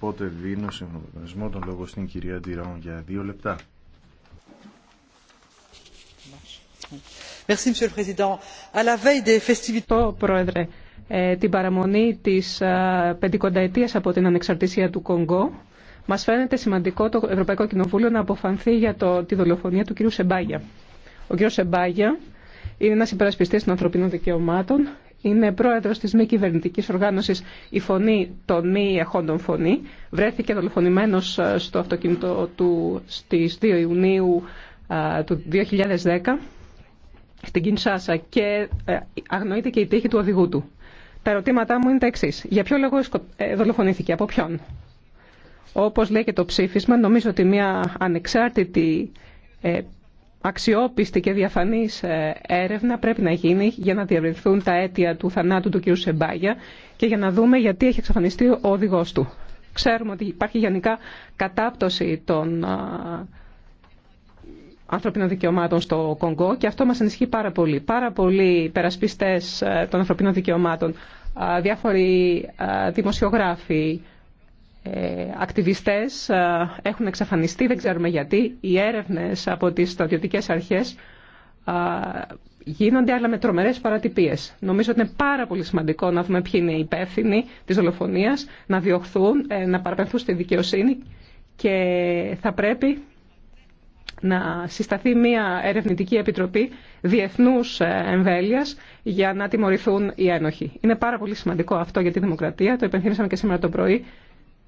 Οπότε δίνω συγχρονισμό τον λόγο στην κυρία Ντιρόν για δύο λεπτά. Ευχαριστώ, Πρόεδρε. Ε, την παραμονή της ε, πεντηκονταετίας από την ανεξαρτησία του Κονγκό, μας φαίνεται σημαντικό το Ευρωπαϊκό Κοινοβούλιο να αποφανθεί για τη δολοφονία του κ. Σεμπάγια. Ο κ. Σεμπάγια είναι ένας υπερασπιστής των ανθρωπίνων δικαιωμάτων, είναι πρόεδρο τη μη κυβερνητική οργάνωση Η Φωνή των Μη Εχόντων Φωνή. Βρέθηκε δολοφονημένο ε, στο αυτοκίνητο του στι 2 Ιουνίου ε, του 2010 στην Κινσάσα και ε, αγνοείται και η τύχη του οδηγού του. Τα ερωτήματά μου είναι τα εξή. Για ποιο λόγο δολοφονήθηκε, από ποιον. Όπω λέει και το ψήφισμα, νομίζω ότι μια ανεξάρτητη αξιόπιστη και διαφανής ε, έρευνα πρέπει να γίνει για να διαβριθούν τα αίτια του θανάτου του κ. Σεμπάγια και για να δούμε γιατί έχει εξαφανιστεί ο οδηγός του. Ξέρουμε ότι υπάρχει γενικά κατάπτωση των ε, ανθρωπίνων δικαιωμάτων στο Κονγκό και αυτό μας ενισχύει πάρα πολύ. Πάρα πολλοί περασπιστές ε, των ανθρωπίνων δικαιωμάτων, διάφοροι δημοσιογράφοι, ε, ακτιβιστές ε, έχουν εξαφανιστεί, δεν ξέρουμε γιατί. Οι έρευνες από τις στρατιωτικές αρχές ε, γίνονται, αλλά με τρομερές παρατυπίες. Νομίζω ότι είναι πάρα πολύ σημαντικό να δούμε ποιοι είναι οι υπεύθυνοι της δολοφονίας, να διωχθούν, να παραπαινθούν στη δικαιοσύνη και θα πρέπει να συσταθεί μια ερευνητική επιτροπή διεθνούς εμβέλειας για να τιμωρηθούν οι ένοχοι. Είναι πάρα πολύ σημαντικό αυτό για τη δημοκρατία, το υπενθύμισαμε και σήμερα το πρωί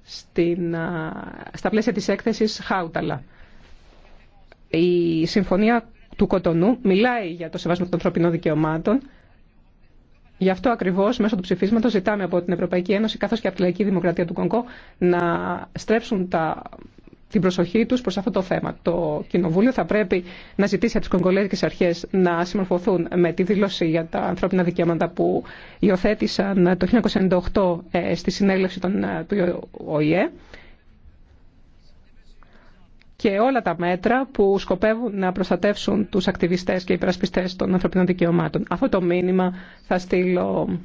στην, στα πλαίσια της έκθεσης Χάουταλα. Η Συμφωνία του Κοτονού μιλάει για το σεβασμό των ανθρωπινών δικαιωμάτων. Γι' αυτό ακριβώ μέσω του ψηφίσματο ζητάμε από την Ευρωπαϊκή Ένωση καθώ και από τη Λαϊκή Δημοκρατία του Κονκό να στρέψουν τα την προσοχή τους προς αυτό το θέμα. Το Κοινοβούλιο θα πρέπει να ζητήσει από τις κονγκολέζικες αρχές να συμμορφωθούν με τη δήλωση για τα ανθρώπινα δικαιώματα που υιοθέτησαν το 1998 ε, στη συνέλευση ε, του ΟΗΕ και όλα τα μέτρα που σκοπεύουν να προστατεύσουν τους ακτιβιστές και υπερασπιστές των ανθρωπινών δικαιωμάτων. Αυτό το μήνυμα θα στείλω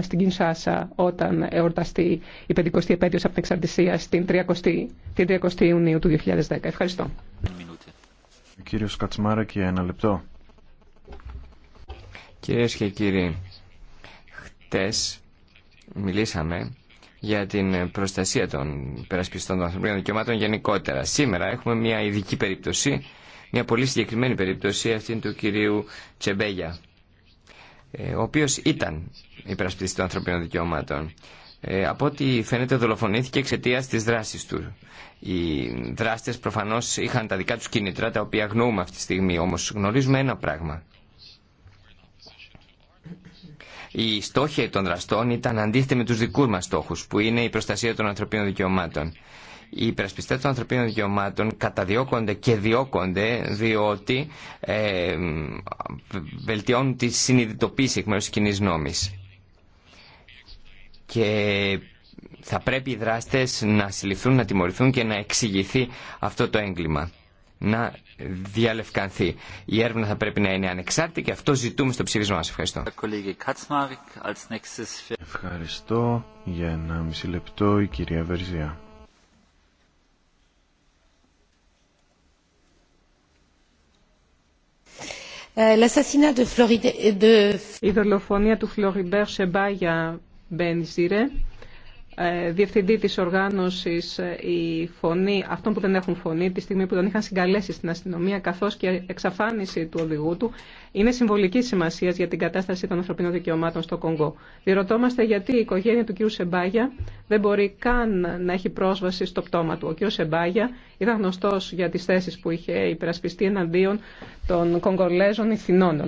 στην Κινσάσα όταν εορταστεί η 50η επέτειος από την εξαρτησία στην 30η, την 30η Ιουνίου του 2010. Ευχαριστώ. κύριος Κατσμάρα και ένα λεπτό. Κυρίες και κύριοι, χτες μιλήσαμε για την προστασία των υπερασπιστών των ανθρωπίνων δικαιωμάτων γενικότερα. Σήμερα έχουμε μια ειδική περίπτωση, μια πολύ συγκεκριμένη περίπτωση, αυτήν του κυρίου Τσεμπέγια ε, ο οποίος ήταν υπερασπιστής των ανθρωπίνων δικαιωμάτων. Ε, από ό,τι φαίνεται δολοφονήθηκε εξαιτία τη δράση του. Οι δράστες προφανώ είχαν τα δικά του κίνητρα, τα οποία γνωρούμε αυτή τη στιγμή. Όμω γνωρίζουμε ένα πράγμα. Οι στόχοι των δραστών ήταν αντίθετοι με του δικού μα στόχου, που είναι η προστασία των ανθρωπίνων δικαιωμάτων. Οι υπερασπιστές των ανθρωπίνων δικαιωμάτων καταδιώκονται και διώκονται διότι ε, βελτιώνουν τη συνειδητοποίηση εκ μέρους της κοινής Και θα πρέπει οι δράστες να συλληφθούν, να τιμωρηθούν και να εξηγηθεί αυτό το έγκλημα. Να διαλευκανθεί. Η έρευνα θα πρέπει να είναι ανεξάρτητη και αυτό ζητούμε στο ψήφισμα μας. Ευχαριστώ. Ευχαριστώ για ένα μισή λεπτό η κυρία Βερζιά. Euh, Η δολοφονία του Φλωριμπέρ Σεμπάγια Μπενζίρε ε, διευθυντή της οργάνωσης ε, η φωνή αυτών που δεν έχουν φωνή τη στιγμή που τον είχαν συγκαλέσει στην αστυνομία καθώς και εξαφάνιση του οδηγού του είναι συμβολική σημασία για την κατάσταση των ανθρωπίνων δικαιωμάτων στο Κονγκό. Διερωτώμαστε γιατί η οικογένεια του κ. Σεμπάγια δεν μπορεί καν να έχει πρόσβαση στο πτώμα του. Ο κ. Σεμπάγια ήταν γνωστό για τι θέσει που είχε υπερασπιστεί εναντίον των Κογκολέζων ηθινών,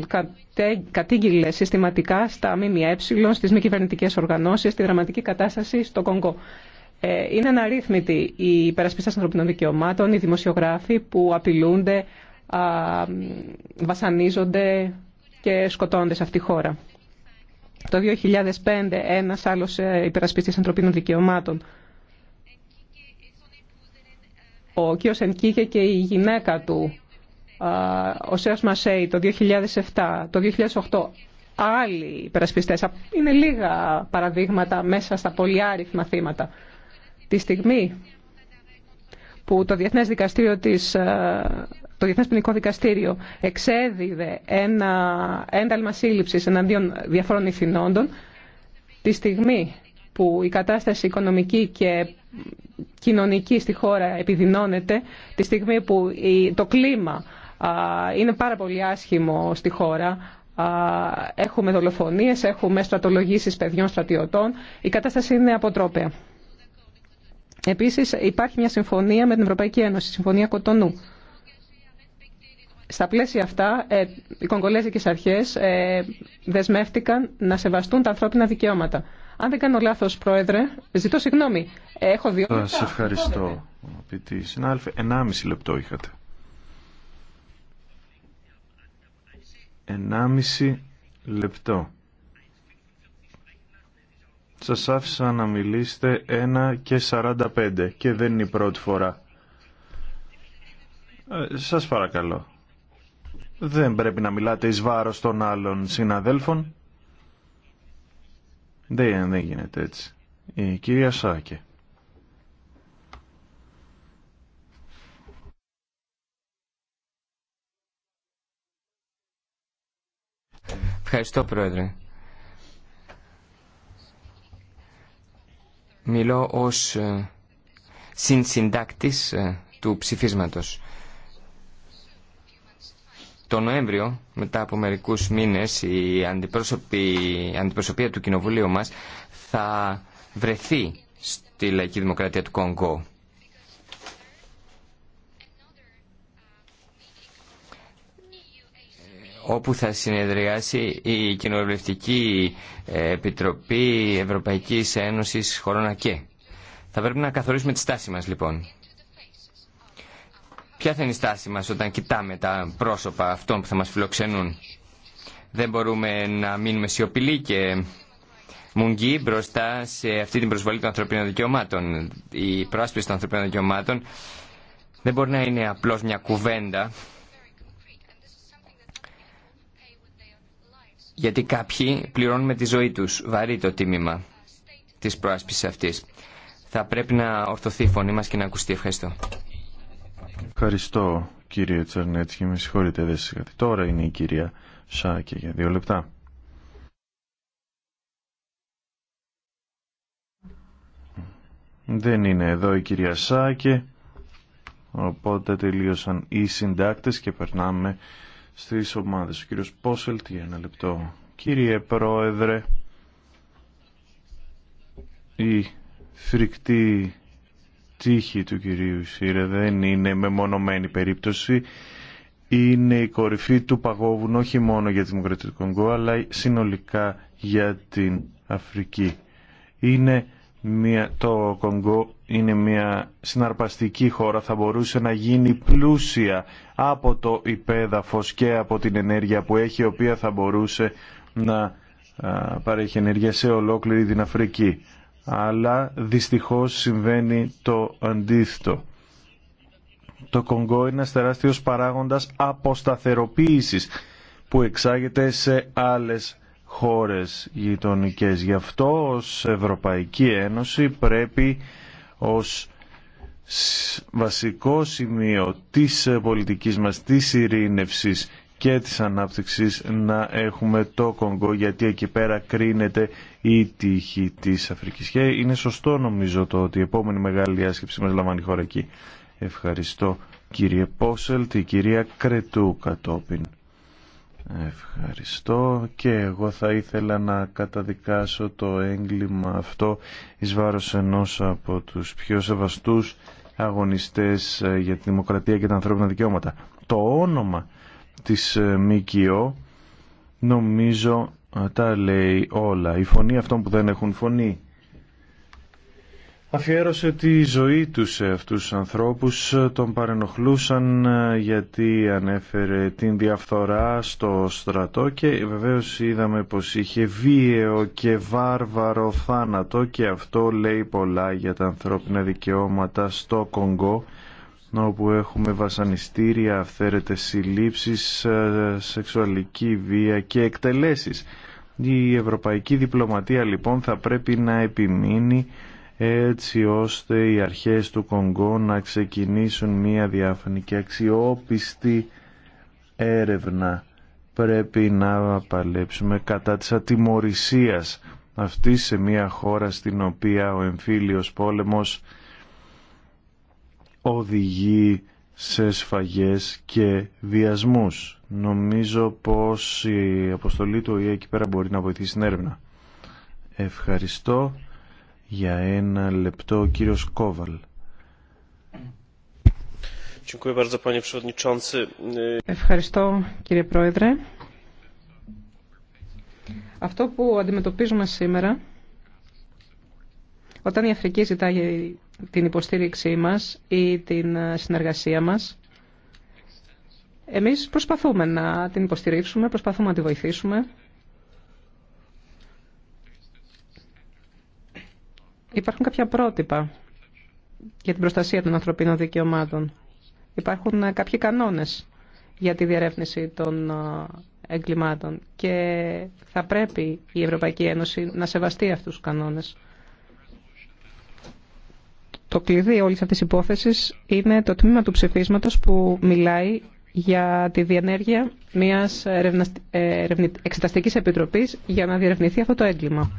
κατήγγειλε συστηματικά στα ΜΜΕ, στις μη κυβερνητικέ οργανώσεις, τη δραματική κατάσταση στο Κονγκό. Ε, είναι αναρρύθμιτοι οι υπερασπιστές ανθρωπινών δικαιωμάτων, οι δημοσιογράφοι που απειλούνται, βασανίζονται και σκοτώνται σε αυτή τη χώρα. Το 2005 ένας άλλος ε, υπερασπιστής ανθρωπίνων δικαιωμάτων, ο κ. Σενκίχε και η γυναίκα του ο Σέρας Μασέη το 2007, το 2008, άλλοι υπερασπιστές. Είναι λίγα παραδείγματα μέσα στα πολυάριθμα θύματα. Τη στιγμή που το Διεθνές, Δικαστήριο της, το Διεθνές Ποινικό Δικαστήριο εξέδιδε ένα ένταλμα σύλληψης εναντίον διαφόρων ηθινόντων, τη στιγμή που η κατάσταση οικονομική και κοινωνική στη χώρα επιδεινώνεται, τη στιγμή που το κλίμα είναι πάρα πολύ άσχημο στη χώρα. Έχουμε δολοφονίες, έχουμε στρατολογήσεις παιδιών στρατιωτών. Η κατάσταση είναι αποτρόπαια. Επίσης υπάρχει μια συμφωνία με την Ευρωπαϊκή Ένωση, Συμφωνία Κοτονού. Στα πλαίσια αυτά, ε, οι κογκολέζικες αρχές ε, δεσμεύτηκαν να σεβαστούν τα ανθρώπινα δικαιώματα. Αν δεν κάνω λάθος, Πρόεδρε, ζητώ συγγνώμη. Έχω δύο Σας ευχαριστώ, αγαπητοί συνάδελφοι. Ενάμιση λεπτό είχατε. 1,5 λεπτό. Σας άφησα να μιλήσετε ένα και 45 και δεν είναι η πρώτη φορά. Ε, σας παρακαλώ. Δεν πρέπει να μιλάτε εις βάρος των άλλων συναδέλφων. Δεν, δεν γίνεται έτσι. Η κυρία Σάκε. Ευχαριστώ, Πρόεδρε. Μιλώ ως ε, συνσυντάκτης ε, του ψηφίσματος. Το Νοέμβριο, μετά από μερικούς μήνες, η αντιπροσωπεία του Κοινοβουλίου μας θα βρεθεί στη Λαϊκή Δημοκρατία του Κονγκό. όπου θα συνεδριάσει η Κοινοβουλευτική Επιτροπή Ευρωπαϊκής Ένωσης χωρών ΑΚΕ. Θα πρέπει να καθορίσουμε τη στάση μας λοιπόν. Ποια θα είναι η στάση μας όταν κοιτάμε τα πρόσωπα αυτών που θα μας φιλοξενούν. Δεν μπορούμε να μείνουμε σιωπηλοί και μουγγί μπροστά σε αυτή την προσβολή των ανθρωπίνων δικαιωμάτων. Η πρόσπιση των ανθρωπίνων δικαιωμάτων δεν μπορεί να είναι απλώς μια κουβέντα γιατί κάποιοι πληρώνουν με τη ζωή τους βαρύ το τίμημα της προάσπισης αυτής. Θα πρέπει να ορθωθεί η φωνή μας και να ακουστεί. Ευχαριστώ. Ευχαριστώ κύριε Τσαρνέτσχη. Με συγχωρείτε δεν Τώρα είναι η κυρία Σάκη για δύο λεπτά. Δεν είναι εδώ η κυρία Σάκη. Οπότε τελείωσαν οι συντάκτες και περνάμε στις ομάδες. Ο κύριος Πόσελτ για ένα λεπτό. Κύριε Πρόεδρε, η φρικτή τύχη του κυρίου Σύρε δεν είναι μεμονωμένη περίπτωση. Είναι η κορυφή του παγόβουνου όχι μόνο για τη Δημοκρατία του Κονγκό αλλά συνολικά για την Αφρική. Είναι μια, το Κονγκό είναι μια συναρπαστική χώρα, θα μπορούσε να γίνει πλούσια από το υπέδαφος και από την ενέργεια που έχει, η οποία θα μπορούσε να παρέχει ενέργεια σε ολόκληρη την Αφρική. Αλλά δυστυχώς συμβαίνει το αντίθετο. Το Κονγκό είναι ένας τεράστιος παράγοντας αποσταθεροποίησης που εξάγεται σε άλλες χώρες γειτονικέ. Γι' αυτό ως Ευρωπαϊκή Ένωση πρέπει ως βασικό σημείο της πολιτικής μας, της ειρήνευσης και της ανάπτυξης να έχουμε το Κονγκό γιατί εκεί πέρα κρίνεται η τύχη της Αφρικής. Και είναι σωστό νομίζω το ότι η επόμενη μεγάλη διάσκεψη μας λαμβάνει χώρα εκεί. Ευχαριστώ κύριε Πόσελτ, η κυρία Κρετού κατόπιν. Ευχαριστώ και εγώ θα ήθελα να καταδικάσω το έγκλημα αυτό εις βάρος ενός από τους πιο σεβαστούς αγωνιστές ε, για τη δημοκρατία και τα ανθρώπινα δικαιώματα. Το όνομα της ε, ΜΚΟ νομίζω ε, τα λέει όλα. Η φωνή αυτών που δεν έχουν φωνή αφιέρωσε τη ζωή του σε αυτούς τους ανθρώπους, τον παρενοχλούσαν ε, γιατί ανέφερε την διαφθορά στο στρατό και βεβαίως είδαμε πως είχε βίαιο και βάρβαρο θάνατο και αυτό λέει πολλά για τα ανθρώπινα δικαιώματα στο Κονγκό όπου έχουμε βασανιστήρια, αυθαίρετες συλλήψεις, ε, σεξουαλική βία και εκτελέσεις. Η ευρωπαϊκή διπλωματία λοιπόν θα πρέπει να επιμείνει έτσι ώστε οι αρχές του Κονγκό να ξεκινήσουν μία διάφανη και αξιόπιστη έρευνα. Πρέπει να παλέψουμε κατά της ατιμορρησίας αυτή σε μία χώρα στην οποία ο εμφύλιος πόλεμος οδηγεί σε σφαγές και βιασμούς. Νομίζω πως η αποστολή του ΟΗΕ εκεί πέρα μπορεί να βοηθήσει την έρευνα. Ευχαριστώ για ένα λεπτό ο κύριος Κόβαλ. Ευχαριστώ κύριε Πρόεδρε. Αυτό που αντιμετωπίζουμε σήμερα, όταν η Αφρική ζητάει την υποστήριξή μας ή την συνεργασία μας, εμείς προσπαθούμε να την υποστηρίξουμε, προσπαθούμε να τη βοηθήσουμε. Υπάρχουν κάποια πρότυπα για την προστασία των ανθρωπίνων δικαιωμάτων. Υπάρχουν ε, κάποιοι κανόνες για τη διερεύνηση των ε, εγκλημάτων και θα πρέπει η Ευρωπαϊκή Ένωση να σεβαστεί αυτούς τους κανόνες. Το κλειδί όλης αυτής της υπόθεσης είναι το τμήμα του ψηφίσματος που μιλάει για τη διενέργεια μιας ε, εξεταστικής επιτροπής για να διερευνηθεί αυτό το έγκλημα.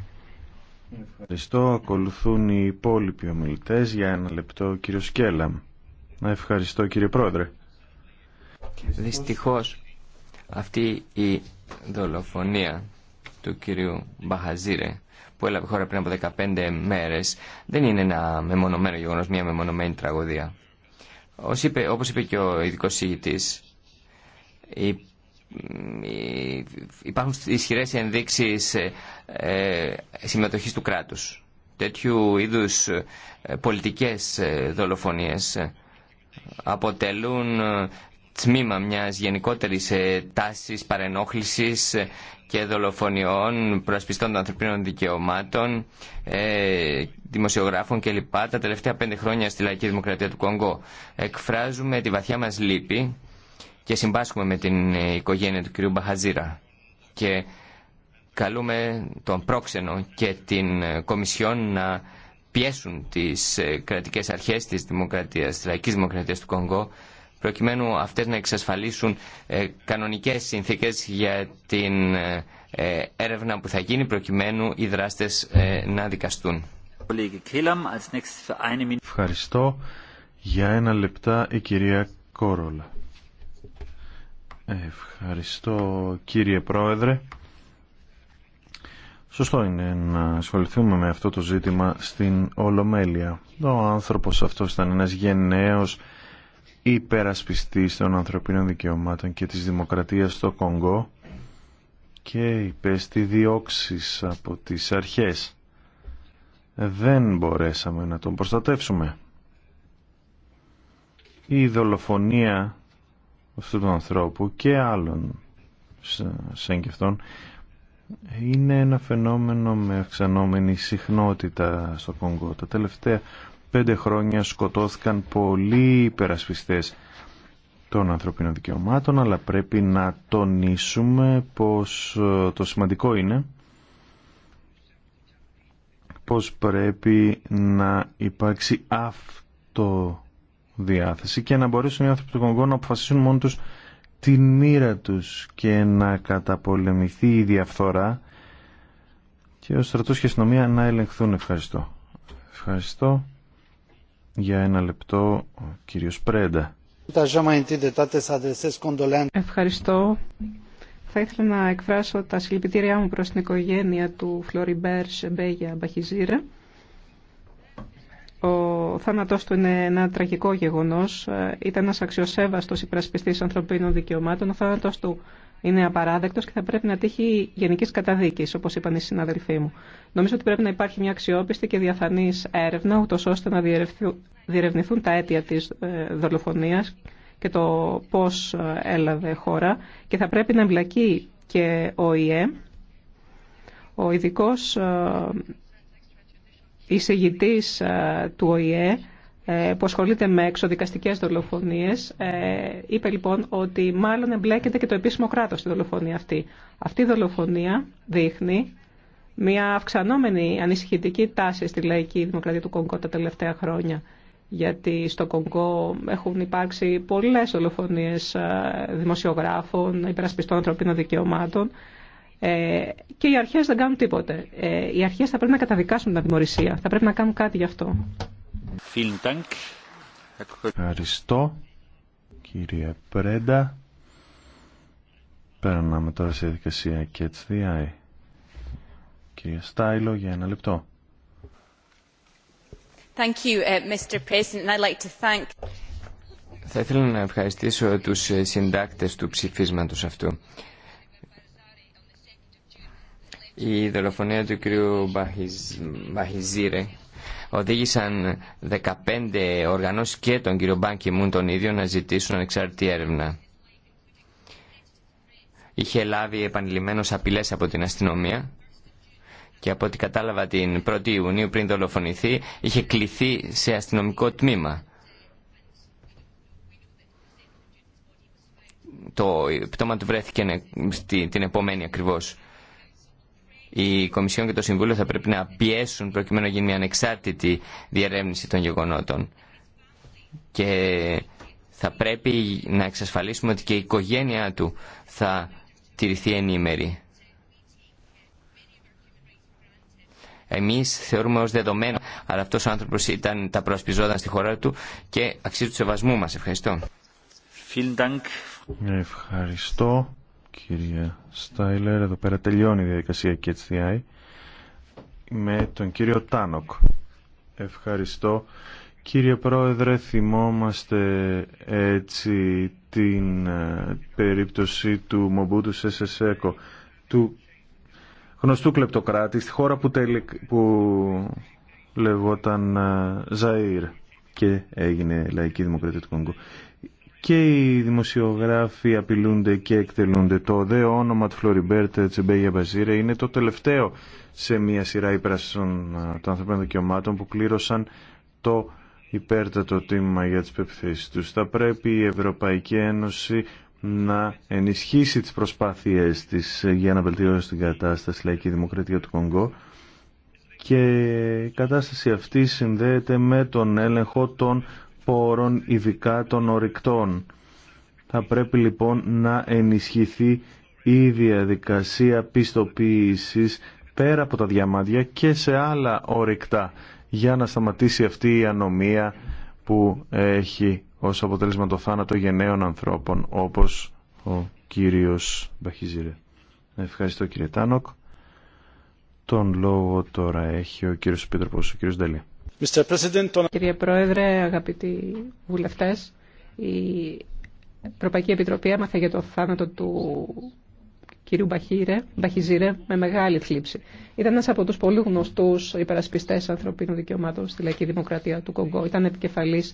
Ευχαριστώ. Ακολουθούν οι υπόλοιποι ομιλητέ για ένα λεπτό, κύριο Σκέλαμ. Ευχαριστώ, κύριε Πρόεδρε. Δυστυχώ, αυτή η δολοφονία του κυρίου Μπαχαζίρε που έλαβε χώρα πριν από 15 μέρες δεν είναι ένα μεμονωμένο γεγονό μια μεμονωμένη τραγωδία. Όπω είπε, και ο ειδικό συγητής, η ε, υπάρχουν ισχυρές ενδείξεις ε, ε, συμμετοχής του κράτους. Τέτοιου είδους πολιτικές δολοφονίες αποτελούν τμήμα μιας γενικότερης τάσης παρενόχλησης και δολοφονιών, προασπιστών των ανθρωπίνων δικαιωμάτων, δημοσιογράφων κλπ. Τα τελευταία πέντε χρόνια στη Λαϊκή Δημοκρατία του Κόγκο εκφράζουμε τη βαθιά μας λύπη και συμπάσχουμε με την ε, οικογένεια του κυρίου Μπαχαζήρα και καλούμε τον πρόξενο και την ε, Κομισιόν να πιέσουν τις ε, κρατικές αρχές της δημοκρατίας, της λαϊκής δημοκρατίας του Κονγκό προκειμένου αυτές να εξασφαλίσουν κανονικές συνθήκες για την έρευνα που θα γίνει προκειμένου οι δράστες να δικαστούν. Ευχαριστώ. Για ένα λεπτά η κυρία Κόρολα. Ευχαριστώ κύριε Πρόεδρε. Σωστό είναι να ασχοληθούμε με αυτό το ζήτημα στην Ολομέλεια. Ο άνθρωπος αυτός ήταν ένας γενναίος υπερασπιστής των ανθρωπίνων δικαιωμάτων και της δημοκρατίας στο Κονγκό και υπέστη διώξεις από τις αρχές. Δεν μπορέσαμε να τον προστατεύσουμε. Η δολοφονία αυτού του ανθρώπου και άλλων σέγγευτών είναι ένα φαινόμενο με αυξανόμενη συχνότητα στο Κονγκό. Τα τελευταία πέντε χρόνια σκοτώθηκαν πολλοί υπερασπιστές των ανθρωπίνων δικαιωμάτων, αλλά πρέπει να τονίσουμε πως ε, το σημαντικό είναι πως πρέπει να υπάρξει αυτό διάθεση και να μπορέσουν οι άνθρωποι του Κονγκό να αποφασίσουν μόνοι τους την μοίρα τους και να καταπολεμηθεί η διαφθορά και ο στρατός και η αστυνομία να ελεγχθούν. Ευχαριστώ. Ευχαριστώ για ένα λεπτό ο κύριος Πρέντα. Ευχαριστώ. Θα ήθελα να εκφράσω τα συλληπιτήριά μου προς την οικογένεια του Φλόριμπέρ Σεμπέγια Μπαχιζήρα. Ο θάνατός του είναι ένα τραγικό γεγονός. Ε, ήταν ένας αξιοσέβαστος υπερασπιστής ανθρωπίνων δικαιωμάτων. Ο θάνατός του είναι απαράδεκτος και θα πρέπει να τύχει γενικής καταδίκης, όπως είπαν οι συναδελφοί μου. Νομίζω ότι πρέπει να υπάρχει μια αξιόπιστη και διαφανής έρευνα, ούτως ώστε να διερευνηθούν τα αίτια της ε, δολοφονίας και το πώς ε, έλαβε χώρα και θα πρέπει να εμπλακεί και ο ΙΕ, ο εισηγητής ε, του ΟΗΕ ε, που ασχολείται με εξοδικαστικές δολοφονίες ε, είπε λοιπόν ότι μάλλον εμπλέκεται και το επίσημο κράτος στη δολοφονία αυτή. Αυτή η δολοφονία δείχνει μια αυξανόμενη ανησυχητική τάση στη λαϊκή δημοκρατία του Κονγκό τα τελευταία χρόνια γιατί στο Κονγκό έχουν υπάρξει πολλές δολοφονίες δημοσιογράφων, υπερασπιστών ανθρωπίνων δικαιωμάτων ε, και οι αρχές δεν κάνουν τίποτε. Ε, οι αρχές θα πρέπει να καταδικάσουν την δημορισία. Θα πρέπει να κάνουν κάτι γι' αυτό. Ευχαριστώ κύριε Πρέντα. Περνάμε τώρα σε διαδικασία και έτσι διάει. Κύριε Στάιλο για ένα λεπτό. Thank you, uh, Mr. President. I'd like to thank... Θα ήθελα να ευχαριστήσω τους συντάκτες του ψηφίσματος αυτού η δολοφονία του κ. Μπαχιζήρε οδήγησαν 15 οργανώσεις και τον κ. Μπάνκι Μουν τον ίδιο να ζητήσουν ανεξάρτητη έρευνα. Είχε λάβει επανειλημμένως απειλές από την αστυνομία και από ό,τι κατάλαβα την 1η Ιουνίου πριν δολοφονηθεί είχε κληθεί σε αστυνομικό τμήμα. Το πτώμα του βρέθηκε την επόμενη ακριβώς η Κομισιόν και το Συμβούλιο θα πρέπει να πιέσουν προκειμένου να γίνει μια ανεξάρτητη διερεύνηση των γεγονότων. Και θα πρέπει να εξασφαλίσουμε ότι και η οικογένειά του θα τηρηθεί ενήμερη. Εμείς θεωρούμε ως δεδομένο, αλλά αυτός ο άνθρωπος ήταν, τα προασπιζόταν στη χώρα του και αξίζει του σεβασμού μας. Ευχαριστώ. Ευχαριστώ. Κύριε Στάιλερ. Εδώ πέρα τελειώνει η διαδικασία KHDI με τον κύριο Τάνοκ. Ευχαριστώ. Κύριε Πρόεδρε, θυμόμαστε έτσι την ε, περίπτωση του Μομπούτου Σεσεσέκο, του γνωστού κλεπτοκράτη, στη χώρα που, που λεγόταν ε, Ζαΐρ και έγινε λαϊκή δημοκρατία του Κονγκού και οι δημοσιογράφοι απειλούνται και εκτελούνται. Το δε όνομα του Φλωριμπέρτ Τσεμπέγια Μπαζίρε είναι το τελευταίο σε μια σειρά υπερασπιστών ε, των ανθρωπίνων δικαιωμάτων που κλήρωσαν το υπέρτατο τίμημα για τις πεπιθέσεις τους. Θα πρέπει η Ευρωπαϊκή Ένωση να ενισχύσει τις προσπάθειές της ε, για να βελτιώσει την κατάσταση λαϊκή δημοκρατία του Κονγκό και η κατάσταση αυτή συνδέεται με τον έλεγχο των πόρων, ειδικά των ορυκτών. Θα πρέπει λοιπόν να ενισχυθεί η διαδικασία πιστοποίησης πέρα από τα διαμάντια και σε άλλα ορυκτά για να σταματήσει αυτή η ανομία που έχει ως αποτέλεσμα το θάνατο γενναίων ανθρώπων όπως ο κύριος Μπαχιζήρε. Ευχαριστώ κύριε Τάνοκ. Τον λόγο τώρα έχει ο κύριος πίτροπος, ο κύριος Ντελή. Κύριε Πρόεδρε, αγαπητοί βουλευτές, η Ευρωπαϊκή Επιτροπή έμαθε για το θάνατο του κυρίου Μπαχίρε, Μπαχιζίρε με μεγάλη θλίψη. Ήταν ένας από τους πολύ γνωστούς υπερασπιστές ανθρωπίνων δικαιωμάτων στη Λαϊκή Δημοκρατία του Κονγκό. Ήταν επικεφαλής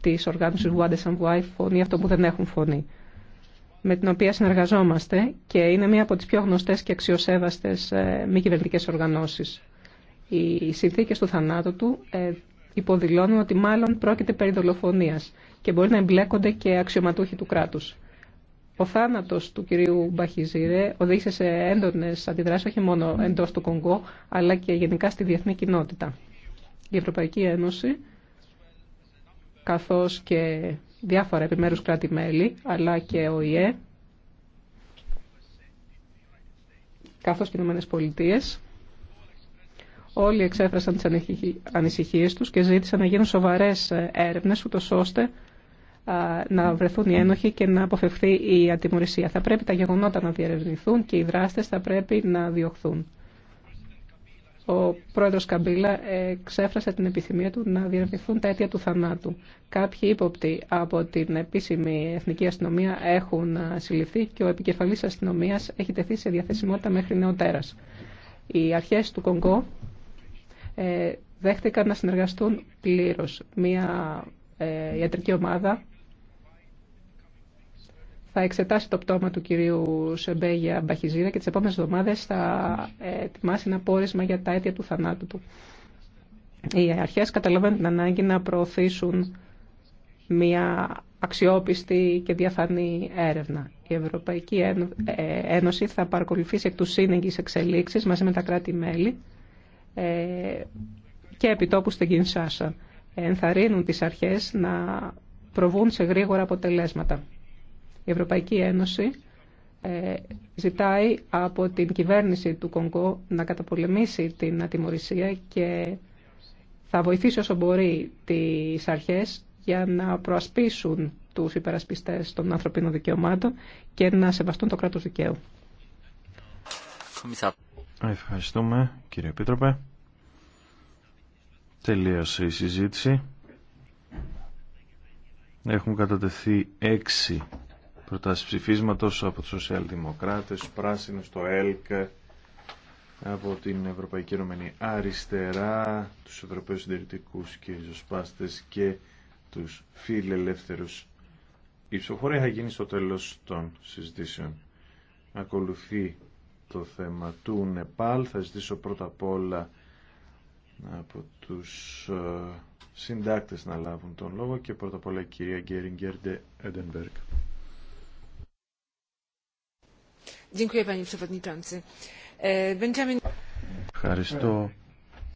της οργάνωσης and Wife φωνή αυτό που δεν έχουν φωνή με την οποία συνεργαζόμαστε και είναι μία από τις πιο γνωστές και αξιοσέβαστες ε, μη κυβερνητικές οργανώσεις. Οι συνθήκες του θανάτου του ε, υποδηλώνουν ότι μάλλον πρόκειται περί δολοφονίας και μπορεί να εμπλέκονται και αξιωματούχοι του κράτους. Ο θάνατος του κυρίου Μπαχιζίρε οδήγησε σε έντονες αντιδράσεις όχι μόνο εντός του Κονγκό, αλλά και γενικά στη διεθνή κοινότητα. Η Ευρωπαϊκή Ένωση, καθώς και διάφορα επιμέρους κράτη-μέλη, αλλά και ο ΙΕ, καθώς και οι Ηνωμένες Πολιτείες, Όλοι εξέφρασαν τις ανησυχίες τους και ζήτησαν να γίνουν σοβαρές έρευνες, ούτως ώστε να βρεθούν οι ένοχοι και να αποφευθεί η ατιμορρησία. Θα πρέπει τα γεγονότα να διερευνηθούν και οι δράστες θα πρέπει να διωχθούν. Ο πρόεδρος Καμπίλα εξέφρασε την επιθυμία του να διερευνηθούν τα αίτια του θανάτου. Κάποιοι ύποπτοι από την επίσημη εθνική αστυνομία έχουν συλληφθεί και ο επικεφαλής αστυνομίας έχει τεθεί σε διαθεσιμότητα μέχρι νεοτέρας. Οι αρχέ του Κονγκό ε, δέχτηκαν να συνεργαστούν πλήρως. Μία ε, ιατρική ομάδα θα εξετάσει το πτώμα του κυρίου Σεμπέγια Μπαχιζίδα και τις επόμενες εβδομάδες θα ε, ετοιμάσει ένα πόρισμα για τα αίτια του θανάτου του. Οι αρχές καταλαβαίνουν την ανάγκη να προωθήσουν μια αξιόπιστη και διαφανή έρευνα. Η Ευρωπαϊκή Ένωση θα παρακολουθήσει εκ του σύνεγγης εξελίξεις μαζί με τα κράτη-μέλη ε, και επιτόπου στην Κινσάσα. Ενθαρρύνουν τις αρχές να προβούν σε γρήγορα αποτελέσματα. Η Ευρωπαϊκή Ένωση ε, ζητάει από την κυβέρνηση του Κονγκό να καταπολεμήσει την ατιμορρησία και θα βοηθήσει όσο μπορεί τις αρχές για να προασπίσουν τους υπερασπιστές των ανθρωπίνων δικαιωμάτων και να σεβαστούν το κράτος δικαίου. Ευχαριστούμε κύριε Επίτροπε. Τελείωσε η συζήτηση. Έχουν κατατεθεί έξι προτάσεις ψηφίσματος από τους σοσιαλδημοκράτες, πράσινους, το ΕΛΚ, από την Ευρωπαϊκή Ρωμανία Αριστερά, τους Ευρωπαίους Συντηρητικούς και Ζωσπάστες και τους φιλελεύθερους. Η ψηφοφορία θα γίνει στο τέλος των συζητήσεων. Ακολουθεί το θέμα του Νεπάλ. Θα ζητήσω πρώτα απ' όλα από τους ε, συντάκτες να λάβουν τον λόγο και πρώτα απ' όλα η κυρία Γκέριγκερντε Ντε ε, Ευχαριστώ